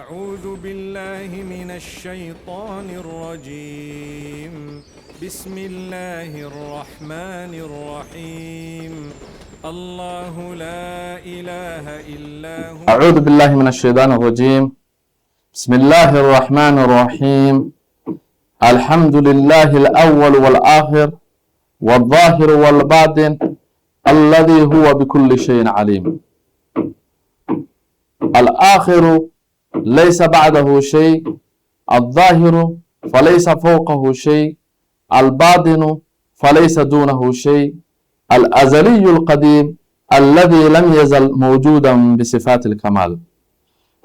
أعوذ بالله من الشيطان الرجيم بسم الله الرحمن الرحيم الله لا إله إلا هو أعوذ بالله من الشيطان الرجيم بسم الله الرحمن الرحيم الحمد لله الأول والآخر والظاهر والباطن الذي هو بكل شيء عليم الآخر ليس بعده شيء الظاهر فليس فوقه شيء الباطن فليس دونه شيء الأزلي القديم الذي لم يزل موجودا بصفات الكمال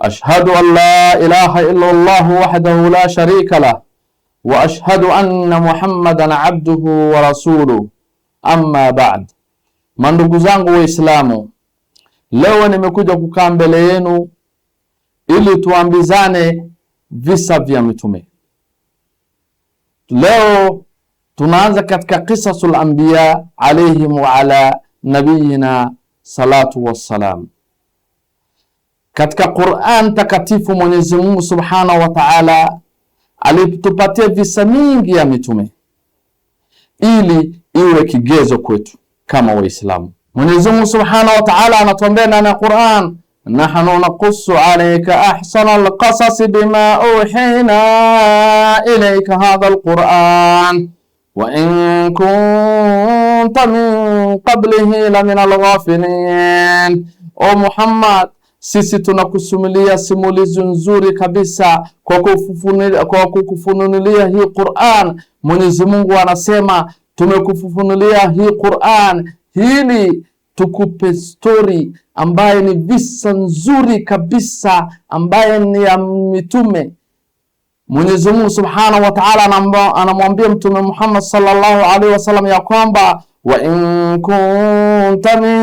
أشهد أن لا إله إلا الله وحده لا شريك له وأشهد أن محمدا عبده ورسوله أما بعد mandugu zangu إسلامه لو أن kukaa كان yenu ili tuambizane visa vya mitume. Leo tunaanza katika Qisasul Anbiya alayhim wa ala nabiyina salatu wassalam. Katika Qur'an takatifu Mwenyezi Mungu Subhanahu wa Ta'ala alitupatia visa mingi ya mitume ili iwe kigezo kwetu kama Waislamu. Mwenyezi Mungu Subhanahu wa Ta'ala anatuambia ndani ya Qur'an nahnu naqusu alayka ahsana alqasasi bima uhina ilayka hadha alquran wa in kunta min qablihi la min alghafilin. O Muhammad, sisi tunakusimulia simulizi nzuri kabisa kwa kukufunulia hii Quran. Mwenyezi Mungu anasema tumekufunulia hii Quran hili tukupe stori ambaye ni visa nzuri kabisa, ambaye ni ya mitume. Mwenyezi Mungu Subhanahu wa Ta'ala anamwambia Mtume Muhammad sallallahu alaihi wasallam ya kwamba wa in kunta min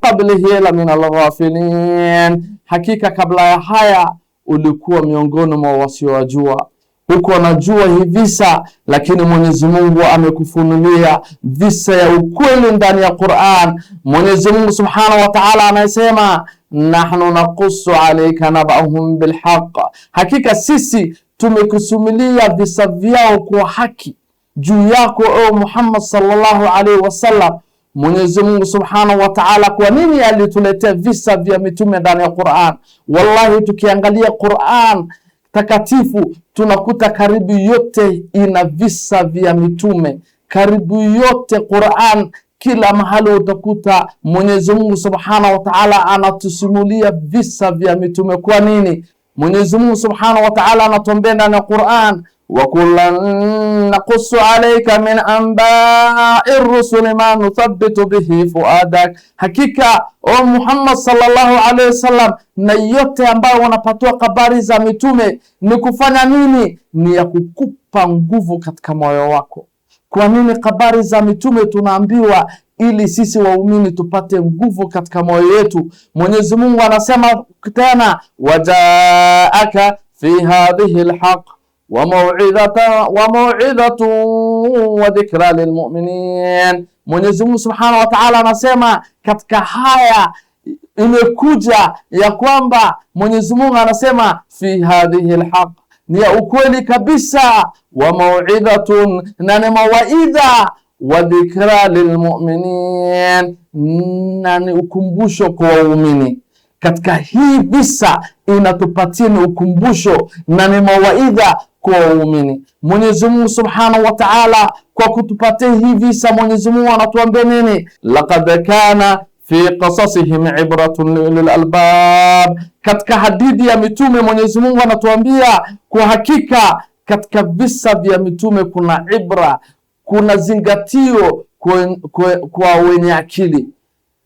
qablihi la min alghafilin, hakika kabla ya haya ulikuwa miongoni mwa wasiowajua huko anajua hii visa, lakini Mwenyezi Mungu amekufunulia visa ya ukweli ndani ya Qur'an. Mwenyezi Mungu Subhanahu wa Ta'ala anasema, nahnu naqusu alayka nabahum bilhaq, hakika sisi tumekusumilia visa vyao kwa haki juu yako o Muhammad sallallahu alaihi wasallam. Mwenyezi Mungu Subhanahu wa Ta'ala, kwa nini alituletea visa vya mitume ndani ya Qur'an? Wallahi tukiangalia Qur'an takatifu tunakuta karibu yote ina visa vya mitume, karibu yote Qur'an, kila mahali utakuta Mwenyezi Mungu Subhanahu wa Ta'ala anatusimulia visa vya mitume. Kwa nini? Mwenyezi Mungu Subhanahu wa Ta'ala anatuambia ndani ya Qur'an wa kullan naqussu alayka min anbai rusuli ma nuthabitu bihi fuadak, hakika o Muhammad sallallahu alayhi wasallam, na yote ambayo wanapatiwa habari za mitume ni kufanya nini? Ni ya kukupa nguvu katika moyo wako. Kwa nini habari za mitume tunaambiwa? Ili sisi waumini tupate nguvu katika moyo yetu. Mwenyezi Mungu anasema tena, wajaaka fi hadhihi lhaq wa mauidhatun wa dhikra lilmuminin. Mwenyezi Mungu Subhanahu wa Ta'ala anasema katika haya imekuja ya kwamba Mwenyezi Mungu anasema fi hadhihi lhaq ni ya ukweli kabisa. Wa mauidhatun, na ni mawaidha wa dhikra lilmuminin, na ni ukumbusho kwa waumini. Katika hii visa inatupatia ni ukumbusho na ni mawaidha kuwa waumini. Mwenyezi Mungu Subhanahu wa Ta'ala kwa kutupatia hivi visa, Mwenyezi Mungu anatuambia nini? Laqad kana fi qasasihim ibratun lil albab, katika hadithi ya mitume Mwenyezi Mungu anatuambia kwa hakika katika visa vya mitume kuna ibra, kuna zingatio kwa, kwa, kwa wenye akili.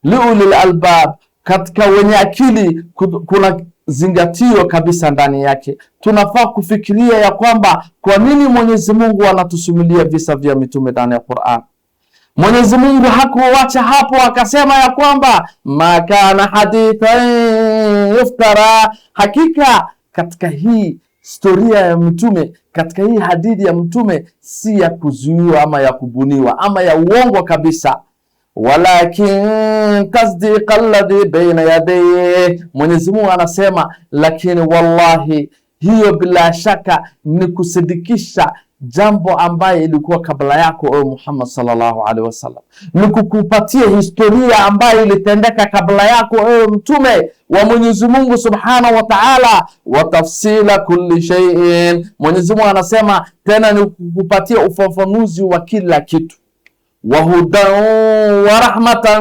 Liulil albab, katika wenye akili kuna zingatio kabisa ndani yake. Tunafaa kufikiria ya kwamba kwa nini Mwenyezi Mungu anatusimulia visa vya mitume ndani ya Qur'an. Mwenyezi Mungu hakuwacha hapo, akasema ya kwamba makana haditha yuftara, hakika katika hii historia ya mtume, katika hii hadithi ya mtume si ya kuzuiwa ama ya kubuniwa ama ya uongo kabisa walakin tasdiqa alladhi baina yadayhi, Mwenyezi Mungu anasema lakini wallahi, hiyo bila shaka ni kusidikisha jambo ambaye ilikuwa kabla yako o Muhammad sallallahu alaihi wasallam, ni kukupatia historia ambayo ilitendeka kabla yako o mtume wa Mwenyezi Mungu subhanahu wa ta'ala, wa tafsila kulli shay'in. Mwenyezi Mungu anasema tena ni kukupatia ufafanuzi wa kila kitu wahudan warahmatan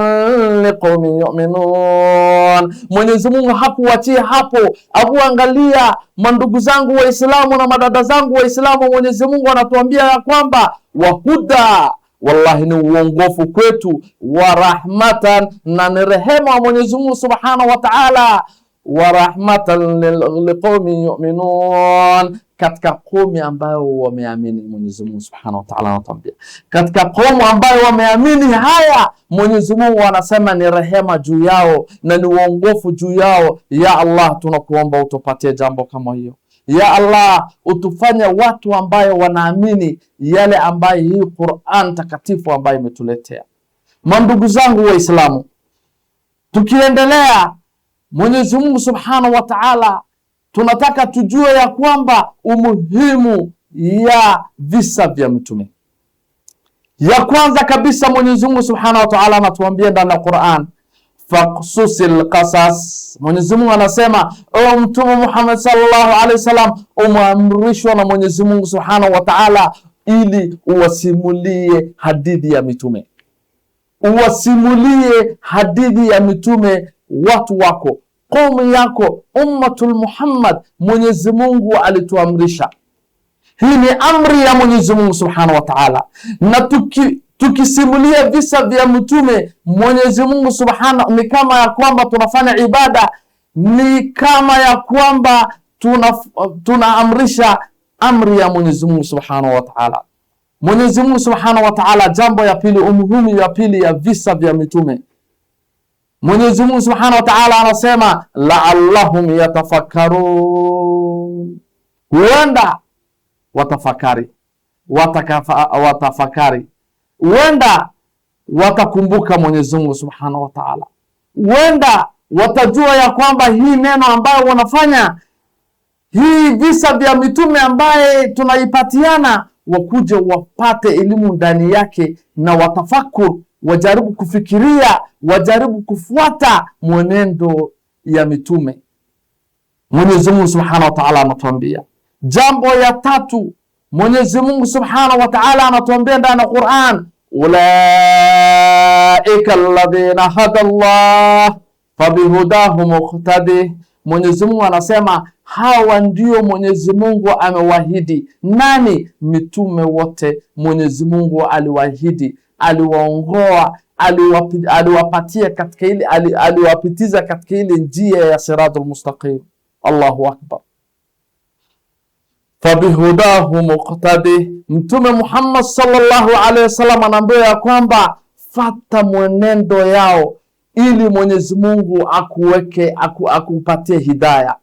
liqaumin yuminun. Mwenyezi Mungu hakuwachie hapo, akuangalia mandugu zangu Waislamu na madada zangu Waislamu. Mwenyezi Mungu anatuambia ya kwamba wahuda wallahi ni uongofu kwetu, warahmatan, na ni rehema wa Mwenyezi Mungu subhanahu wa taala wa rahmatan liqaumin yu'minun, katika qaumu ambayo wameamini. Mwenyezi Mungu Subhanahu wa Ta'ala anatuambia katika qaumu ambayo wameamini haya, Mwenyezi Mungu anasema ni rehema juu yao na ni uongofu juu yao. Ya Allah, tunakuomba utupatie jambo kama hiyo. Ya Allah, utufanye watu ambayo wanaamini yale ambayo hii Qur'an takatifu ambayo imetuletea. Mandugu zangu Waislamu, tukiendelea Mwenyezi Mungu Subhanahu wa Ta'ala, tunataka tujue ya kwamba umuhimu ya visa vya mtume. Ya kwanza kabisa Mwenyezi Mungu Subhanahu wa Ta'ala anatuambia ndani ya Qur'an, faqsusil qasas. Mwenyezi Mungu anasema, o Mtume Muhammad sallallahu alaihi wasallam, umeamrishwa na Mwenyezi Mungu Subhanahu wa Ta'ala ili uwasimulie hadithi ya mitume, uwasimulie hadithi ya mitume watu wako kaumu yako ummatul Muhammad, Mwenyezi Mungu alituamrisha. Hii ni amri ya Mwenyezi Mungu Subhanahu wa Ta'ala, na tuki tukisimulia visa vya mtume Mwenyezi Mungu Subhanahu, ni kama ya kwamba tunafanya ibada, ni kama ya kwamba tunaamrisha tuna amri ya Mwenyezi Mungu Subhanahu wa Ta'ala. Mwenyezi Mungu Subhanahu wa Ta'ala, jambo ya pili, umuhimu ya pili ya visa vya mitume Mwenyezi Mungu Subhanahu wa Ta'ala anasema laallahum yatafakkarun, huenda watafakari watakafa, watafakari huenda watakumbuka Mwenyezi Mungu Subhanahu wa Ta'ala, huenda watajua ya kwamba hii neno ambayo wanafanya hii visa vya mitume ambaye tunaipatiana, wakuje wapate elimu ndani yake na watafakur wajaribu kufikiria, wajaribu kufuata mwenendo ya mitume. Mwenyezi Mungu Subhanahu wa Ta'ala anatuambia jambo ya tatu. Mwenyezi Mungu Subhanahu wa Ta'ala anatuambia ndani ya Qur'an, ulaika alladhina hada Allah fabihudahu muqtadi. Mwenyezi Mungu anasema hawa ndio Mwenyezi Mungu amewahidi. Nani? Mitume wote Mwenyezi Mungu aliwahidi aliwaongoa aliwapatia katika ile aliwapitiza katika ile njia ya siratul mustaqim. Allahu akbar. Fabihudahu muqtadi, Mtume Muhammad sallallahu alaihi wasallam anaambiwa ya kwamba fata mwenendo yao ili Mwenyezi Mungu akuweke aku, akupatie hidaya.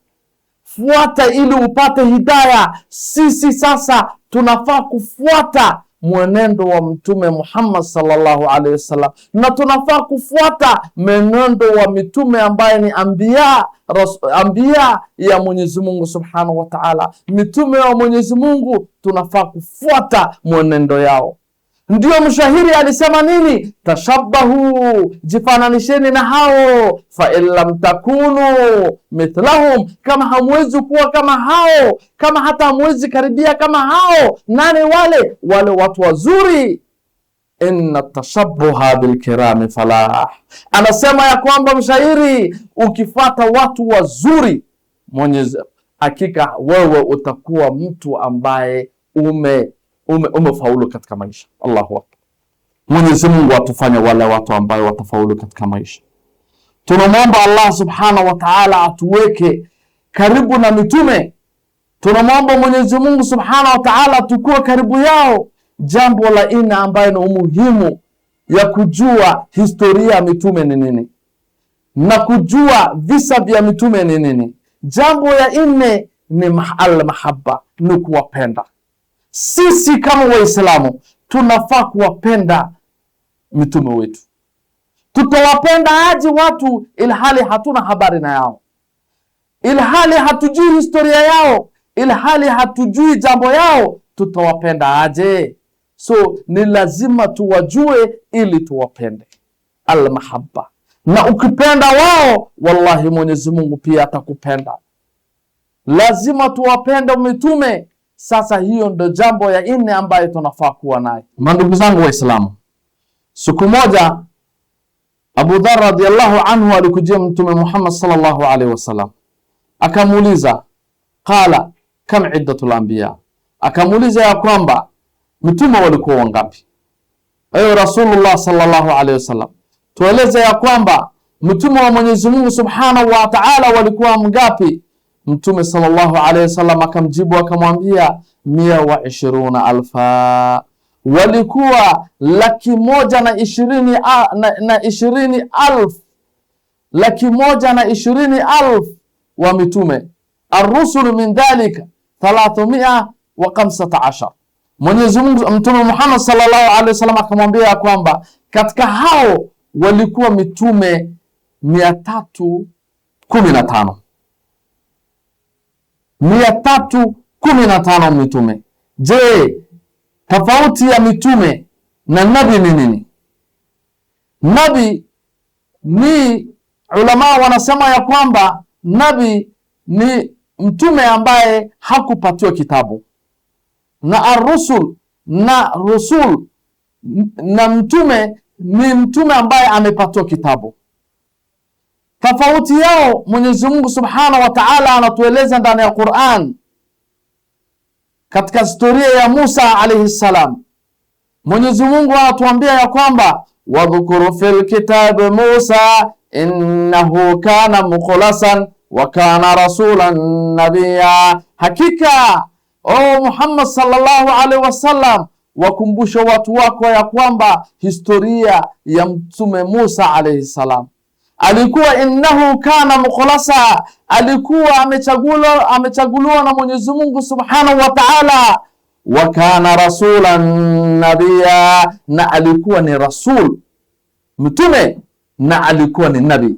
Fuata ili upate hidaya. Sisi sasa tunafaa kufuata mwenendo wa Mtume Muhammad sallallahu alaihi wasallam, na tunafaa kufuata mwenendo wa mitume ambaye ni ambia, ambia ya Mwenyezi Mungu subhanahu wa taala. Mitume wa Mwenyezi Mungu tunafaa kufuata mwenendo yao ndio mshahiri alisema nini? Tashabahu, jifananisheni na hao. Fa in lam takunu mithlahum, kama hamwezi kuwa kama hao, kama hata hamwezi karibia kama hao. Nani wale? Wale watu wazuri. Inna tashabuha bilkirami falah, anasema ya kwamba mshairi, ukifata watu wazuri Mwenyezi, hakika wewe utakuwa mtu ambaye ume ume, umefaulu katika maisha. Allahu akbar. Mwenyezi Mungu atufanye wale watu ambayo watafaulu katika maisha. Tunamwomba Allah subhanahu wa ta'ala atuweke karibu na mitume. Tunamwomba Mwenyezi Mungu subhanahu wa ta'ala tukuwe karibu yao. Jambo la ina ambayo ni umuhimu ya kujua historia ya mitume ni nini na kujua visa vya mitume ni nini. Jambo ya nne ni al-mahabba, ni kuwapenda. Sisi kama Waislamu tunafaa kuwapenda mitume wetu. Tutawapenda aje watu ilhali hatuna habari na yao, ilhali hatujui historia yao, ilhali hatujui jambo yao? Tutawapenda aje? So ni lazima tuwajue ili tuwapende. Almahabba, na ukipenda wao, wallahi Mwenyezi Mungu pia atakupenda. Lazima tuwapende mitume sasa hiyo ndo jambo ya nne ambayo tunafaa kuwa naye. Mandugu zangu Waislamu, siku moja Abu Dhar radhiyallahu anhu alikujia Mtume Muhammad sallallahu alaihi wasallam akamuuliza, qala kam iddatu anbiya, akamuuliza ya kwamba mitume walikuwa wangapi? Ewe Rasulullah sallallahu alaihi wasallam, tueleze ya kwamba mtume wa Mwenyezi Mungu subhanahu wa ta'ala walikuwa mgapi? Mtume sallallahu alaihi wasallam akamjibu akamwambia mia wa ishiruna alfa, walikuwa laki moja na ishirini na, na ishirini alf, laki moja na ishirini alf wa mitume. Arrusulu min dhalika thalathumia wa khamsata ashar. Mwenyezi Mungu Mtume Muhammad sallallahu alaihi wasallam akamwambia kwamba katika hao walikuwa mitume mia tatu kumi na tano mia tatu kumi na tano mitume. Je, tofauti ya mitume na nabi ni nini? Nabi ni ulamaa wanasema ya kwamba nabi ni mtume ambaye hakupatiwa kitabu na arusul na rusul na mtume ni mtume ambaye amepatiwa kitabu. Tofauti yao Mwenyezi Mungu Subhanahu wa Ta'ala anatueleza ndani ya Qur'an, katika historia ya Musa alayhi salam. Mwenyezi Mungu anatuambia ya kwamba wadhkuru fil kitab Musa innahu kana mukhlasan wa kana rasulan nabiyya, hakika o oh, Muhammad sallallahu alaihi wasallam, wakumbusha watu wako ya kwamba historia ya mtume Musa alayhi salam alikuwa innahu kana mukhlasa, alikuwa amechaguliwa amechaguliwa na Mwenyezi Mungu Subhanahu wa Ta'ala. Wa kana rasulan nabia, na alikuwa ni rasul mtume, na alikuwa ni nabi,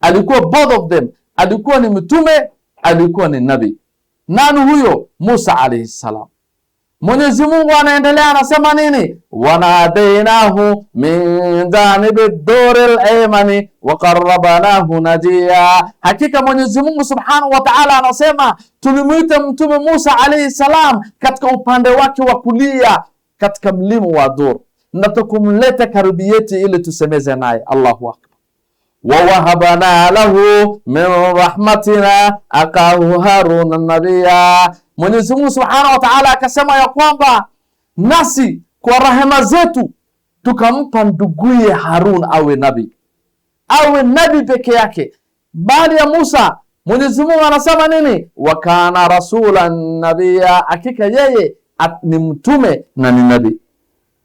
alikuwa both of them, alikuwa ni mtume, alikuwa ni nabi. Nani huyo? Musa alayhi salam. Mwenyezi Mungu anaendelea anasema nini? wanadainahu min janibi al aymani wa qarrabnahu hakika Mwenyezi Mungu Subhanahu wa Ta'ala anasema tulimwita Mtume Musa alayhi salam katika upande wake wa kulia katika mlima wa Dur na tukumleta karibu yetu ili tusemeze naye. Allahu akbar wahabana lahu min rahmatina Harun an nabiya Mwenyezi Mungu Subhanahu wa Ta'ala akasema ya kwamba nasi kwa rehema zetu tukampa nduguye Harun awe nabi, awe nabi peke yake. Baada ya Musa, Mwenyezi Mungu anasema nini? Wa kana rasulan nabia, hakika yeye ni mtume na ni nabi.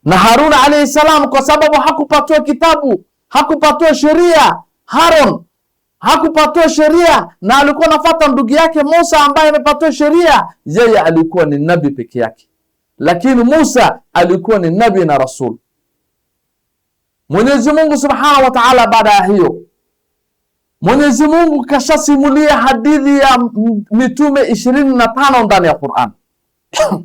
Na Harun alayhi salam, kwa sababu hakupatiwa kitabu, hakupatiwa sheria, Harun hakupatiwa sheria na alikuwa anafuata ndugu yake Musa ambaye amepatiwa sheria. Yeye alikuwa ni nabi peke yake, lakini Musa alikuwa ni nabi na rasul. Mwenyezi Mungu Subhanahu wa Ta'ala, baada ya hiyo Mwenyezi Mungu kashasimulia hadithi ya mitume ishirini na tano ndani ya Qur'an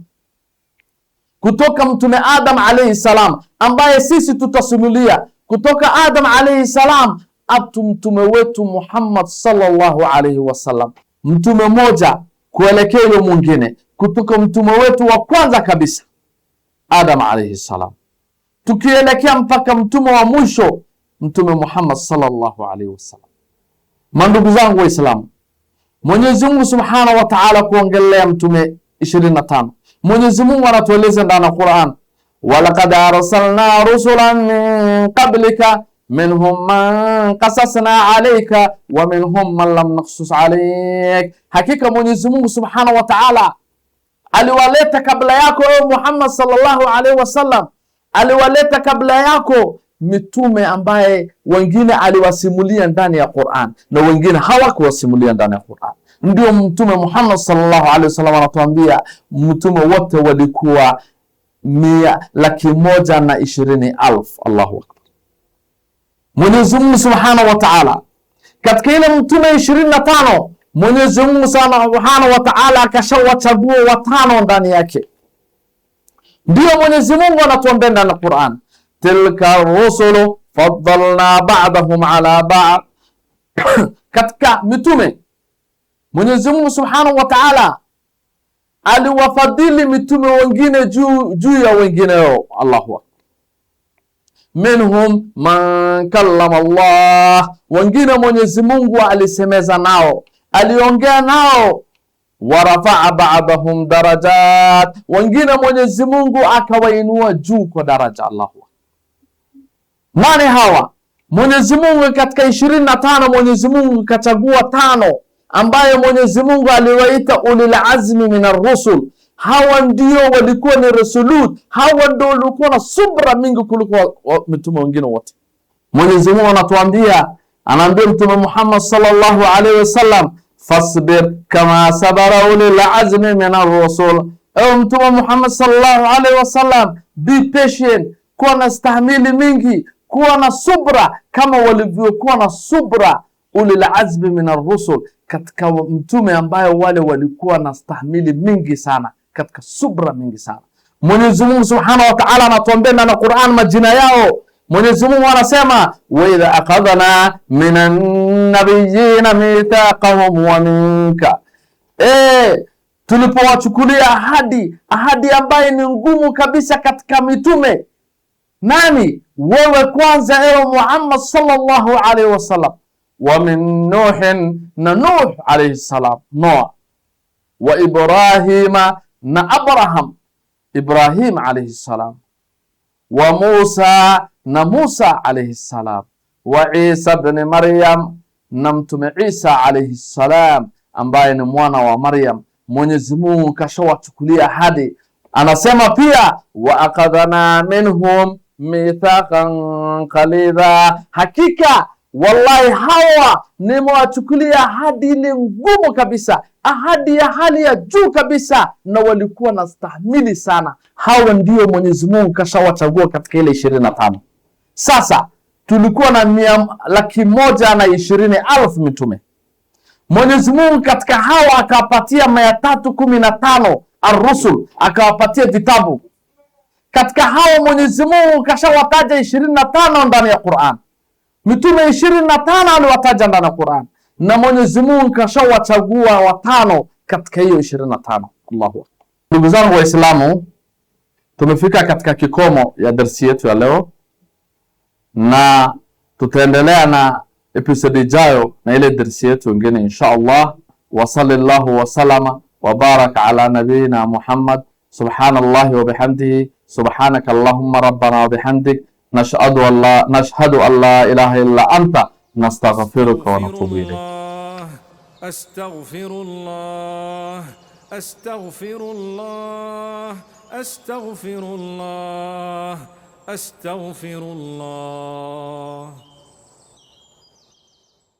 kutoka Mtume Adam alayhi salam, ambaye sisi tutasimulia kutoka Adam alayhi salam atu mtume wetu Muhammad sallallahu alaihi wasallam, mtume mmoja kuelekea yule mwingine, kutoka mtume wetu wa kwanza kabisa Adam alaihi salam, tukielekea mpaka mtume wa mwisho Mtume Muhammad sallallahu alaihi wasallam. Mandugu zangu Waislamu, Mwenyezi Mungu subhanahu wa taala kuongelea mtume 25 Mwenyezi Mungu anatueleza ndani ya Qur'an, walaqad arsalna rusulan min qablika minhum man kasasna alaika wa minhum man lam nakhsus alaik, hakika Mwenyezi Mungu subhanahu wa taala aliwaleta kabla yako ewe Muhammad sallallahu alaihi wasallam, aliwaleta kabla yako mitume ambaye wengine aliwasimulia ndani ya Qur'an na wengine hawakuwasimulia ndani ya Qur'an. Ndio Mtume Muhammad sallallahu alaihi wasallam anatuambia mtume wote walikuwa mia laki moja na ishirini alfu. Allahu akbar. Mwenyezi Mungu Subhanahu wa Ta'ala katika ile mtume ishirini na tano Mwenyezi Mungu Subhanahu wa Ta'ala akashawachagua watano ndani yake. Ndiyo Mwenyezi Mungu anatuambia ndani ya Qur'an, tilka rusulu faddalna ba'dahum ala ba'd, katika mitume Mwenyezi Mungu Subhanahu wa Ta'ala aliwafadhili mitume wengine juu juu ya wengineo. Allahu minhum man kallama Allah, wengine Mwenyezi Mungu alisemeza nao, aliongea nao. Warafaa baadhahum darajat, wengine Mwenyezi Mungu akawainua juu kwa daraja. Allahu nani hawa? Mwenyezi Mungu katika ishirini na tano Mwenyezi Mungu kachagua tano ambayo Mwenyezi Mungu aliwaita ulil azmi min rusul hawa ndio walikuwa ni resolute, hawa ndio walikuwa na subra mingi kuliko mitume wengine wote. Mwenyezi Mungu anatuambia, anaambia Mtume Muhammad sallallahu alaihi wasallam, fasbir kama sabara ulil azmi min ar-rusul. Ewe Mtume Muhammad sallallahu alaihi wasallam, be patient, kuwa na stahimili mingi, kuwa na subra kama walivyokuwa na subra ulil azmi min ar-rusul, katika mtume ambaye wale walikuwa na stahimili mingi sana katika subra mingi sana. Mwenyezi Mungu Subhanahu wa Ta'ala anatuambia na Qur'an majina yao. Mwenyezi Mungu anasema wa idha akadhna minan nabiyina mithaqahum wa minka, eh, tulipowachukulia ahadi, ahadi ambayo ni ngumu kabisa katika mitume. Nani wewe kwanza, ewe Muhammad sallallahu alaihi wasallam, wa min nuhin na Nuh alaihi salam, Noah wa Ibrahima na Abraham Ibrahim alayhi salam, wa Musa na Musa alayhi salam, wa Isa bni Maryam na Mtume Isa alayhi salam ambaye ni mwana wa Maryam. Mwenyezi Mungu kashawachukulia hadi anasema pia, wa akadhana minhum mithaqan qalidha, hakika Wallahi, hawa nimewachukulia ahadi ile ngumu kabisa, ahadi ya hali ya juu kabisa, na walikuwa na stahimili sana. Hawa ndio Mwenyezi Mungu kashawachagua katika ile ishirini na tano. Sasa tulikuwa na mia, laki moja na ishirini alfu mitume. Mwenyezi Mungu katika hawa akawapatia mia tatu kumi na tano arusul, akawapatia vitabu katika hawa. Mwenyezi Mungu kashawataja ishirini na tano ndani ya Qur'an mitume ishirini na tano aliwataja ndani ya Qur'an na Mwenyezi Mungu kashawachagua watano katika hiyo ishirini na tano. Allahu akbar. Ndugu zangu Waislamu, tumefika katika kikomo ya darsi yetu ya leo, na tutaendelea na episodi ijayo na ile darsi yetu ingine insha Allah. Wa sallallahu wa salama wa baraka ala nabiyina Muhammad subhanallahi wa bihamdihi subhanaka allahumma rabbana wa bihamdik نشهد الله نشهد الله إله إلا أنت نستغفرك ونتوب إليك أستغفر الله أستغفر الله أستغفر الله أستغفر الله